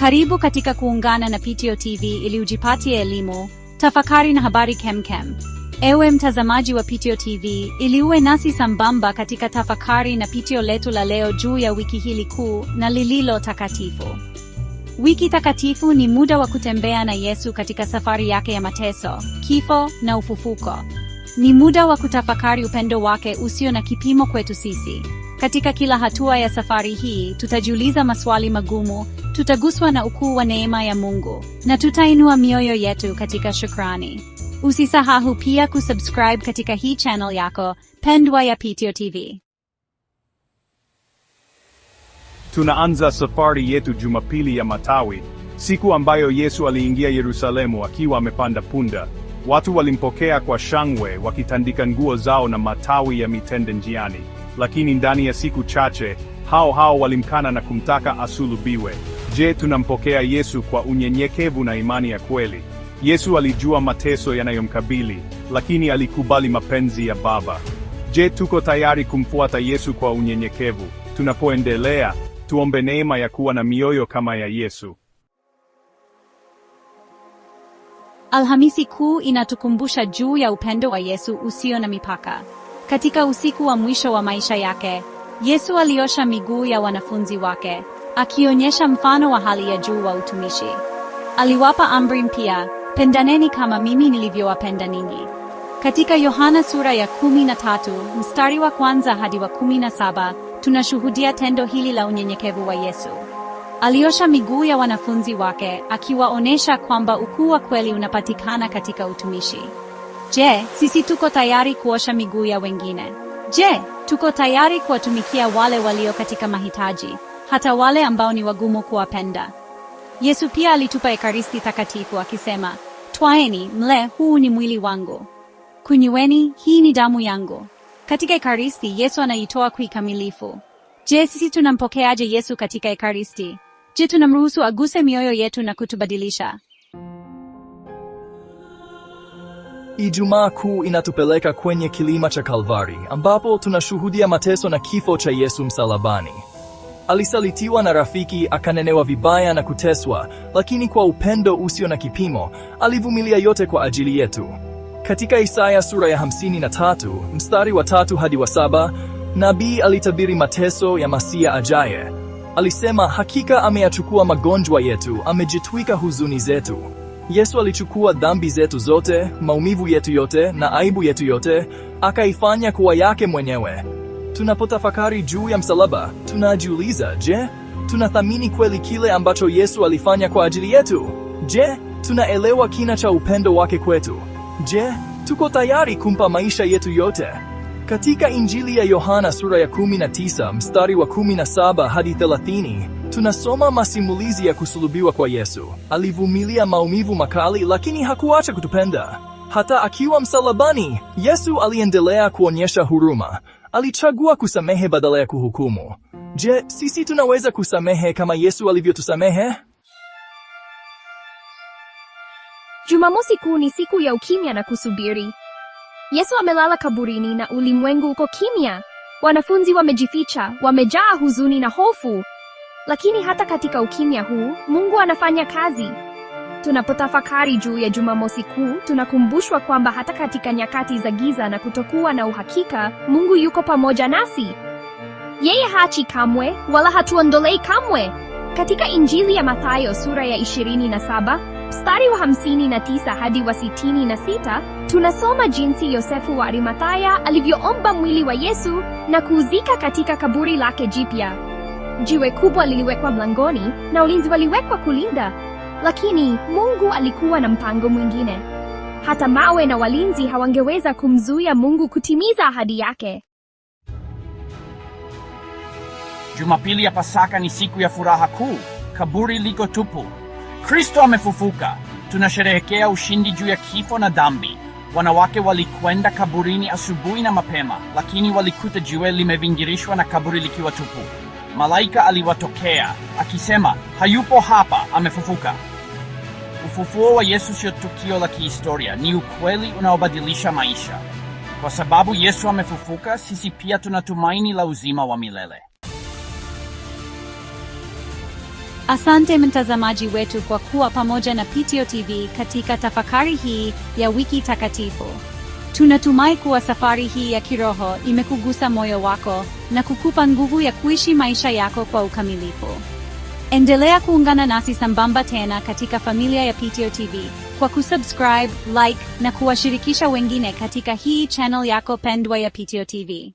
Karibu katika kuungana na Pitio TV ili ujipatie elimu, tafakari na habari kemkem. Ewe mtazamaji wa Pitio TV, ili uwe nasi sambamba katika tafakari na pitio letu la leo juu ya wiki hili kuu na lililo takatifu. Wiki takatifu ni muda wa kutembea na Yesu katika safari yake ya mateso, kifo na ufufuko. Ni muda wa kutafakari upendo wake usio na kipimo kwetu sisi. Katika kila hatua ya safari hii, tutajiuliza maswali magumu tutaguswa na ukuu wa neema ya Mungu na tutainua mioyo yetu katika shukrani. Usisahau pia kusubscribe katika hii channel yako pendwa ya Pitio TV. Tunaanza safari yetu Jumapili ya Matawi, siku ambayo Yesu aliingia Yerusalemu akiwa amepanda punda. Watu walimpokea kwa shangwe, wakitandika nguo zao na matawi ya mitende njiani, lakini ndani ya siku chache hao hao walimkana na kumtaka asulubiwe. Je, tunampokea Yesu kwa unyenyekevu na imani ya kweli? Yesu alijua mateso yanayomkabili, lakini alikubali mapenzi ya Baba. Je, tuko tayari kumfuata Yesu kwa unyenyekevu? Tunapoendelea, tuombe neema ya kuwa na mioyo kama ya Yesu. Alhamisi Kuu inatukumbusha juu ya upendo wa Yesu usio na mipaka. Katika usiku wa mwisho wa maisha yake, Yesu aliosha miguu ya wanafunzi wake akionyesha mfano wa hali ya juu wa utumishi. Aliwapa amri mpya, pendaneni kama mimi nilivyowapenda ninyi. Katika Yohana sura ya kumi na tatu mstari wa kwanza hadi wa kumi na saba tunashuhudia tendo hili la unyenyekevu wa Yesu. Aliosha miguu ya wanafunzi wake akiwaonesha kwamba ukuu wa kweli unapatikana katika utumishi. Je, sisi tuko tayari kuosha miguu ya wengine? Je, tuko tayari kuwatumikia wale walio katika mahitaji? hata wale ambao ni wagumu kuwapenda. Yesu pia alitupa Ekaristi Takatifu akisema, twaeni mle, huu ni mwili wangu; kunyweni, hii ni damu yangu. Katika Ekaristi Yesu anaitoa kuikamilifu Je, sisi tunampokeaje Yesu katika Ekaristi? Je, tunamruhusu aguse mioyo yetu na kutubadilisha? Ijumaa Kuu inatupeleka kwenye kilima cha Kalvari ambapo tunashuhudia mateso na kifo cha Yesu msalabani. Alisalitiwa na rafiki, akanenewa vibaya na kuteswa, lakini kwa upendo usio na kipimo, alivumilia yote kwa ajili yetu. Katika Isaya sura ya 53 mstari wa tatu hadi wa saba, nabii alitabiri mateso ya Masia ajaye. Alisema, hakika ameyachukua magonjwa yetu, amejitwika huzuni zetu. Yesu alichukua dhambi zetu zote, maumivu yetu yote na aibu yetu yote, akaifanya kuwa yake mwenyewe. Tunapotafakari juu ya msalaba, tunajiuliza, je, tunathamini kweli kile ambacho Yesu alifanya kwa ajili yetu? Je, tunaelewa kina cha upendo wake kwetu? Je, tuko tayari kumpa maisha yetu yote? Katika Injili ya Yohana sura ya 19 mstari wa 17 hadi 30 tunasoma masimulizi ya kusulubiwa kwa Yesu. Alivumilia maumivu makali, lakini hakuacha kutupenda. Hata akiwa msalabani, Yesu aliendelea kuonyesha huruma alichagua kusamehe badala ya kuhukumu. Je, sisi tunaweza kusamehe kama Yesu alivyotusamehe? Jumamosi Kuu ni siku ya ukimya na kusubiri. Yesu amelala kaburini na ulimwengu uko kimya. Wanafunzi wamejificha, wamejaa huzuni na hofu. Lakini hata katika ukimya huu, Mungu anafanya kazi. Tunapotafakari juu ya Jumamosi Kuu, tunakumbushwa kwamba hata katika nyakati za giza na kutokuwa na uhakika, Mungu yuko pamoja nasi. Yeye hachi kamwe, wala hatuondolei kamwe. Katika Injili ya Mathayo sura ya 27 mstari wa 59 hadi wa 66, tunasoma jinsi Yosefu wa Arimathaya alivyoomba mwili wa Yesu na kuuzika katika kaburi lake jipya. Jiwe kubwa liliwekwa mlangoni na ulinzi waliwekwa kulinda lakini Mungu alikuwa na mpango mwingine. Hata mawe na walinzi hawangeweza kumzuia Mungu kutimiza ahadi yake. Jumapili ya Pasaka ni siku ya furaha kuu. Kaburi liko tupu. Kristo amefufuka. Tunasherehekea ushindi juu ya kifo na dhambi. Wanawake walikwenda kaburini asubuhi na mapema, lakini walikuta jiwe limevingirishwa na kaburi likiwa tupu. Malaika aliwatokea akisema, hayupo hapa, amefufuka. Ufufuo wa Yesu sio tukio la kihistoria, ni ukweli unaobadilisha maisha. Kwa sababu Yesu amefufuka, sisi pia tunatumaini la uzima wa milele. Asante mtazamaji wetu kwa kuwa pamoja na pto TV katika tafakari hii ya wiki takatifu. Tunatumai kuwa safari hii ya kiroho imekugusa moyo wako na kukupa nguvu ya kuishi maisha yako kwa ukamilifu. Endelea kuungana nasi sambamba tena katika familia ya pto TV kwa kusubscribe, like na kuwashirikisha wengine katika hii channel yako pendwa ya pto TV.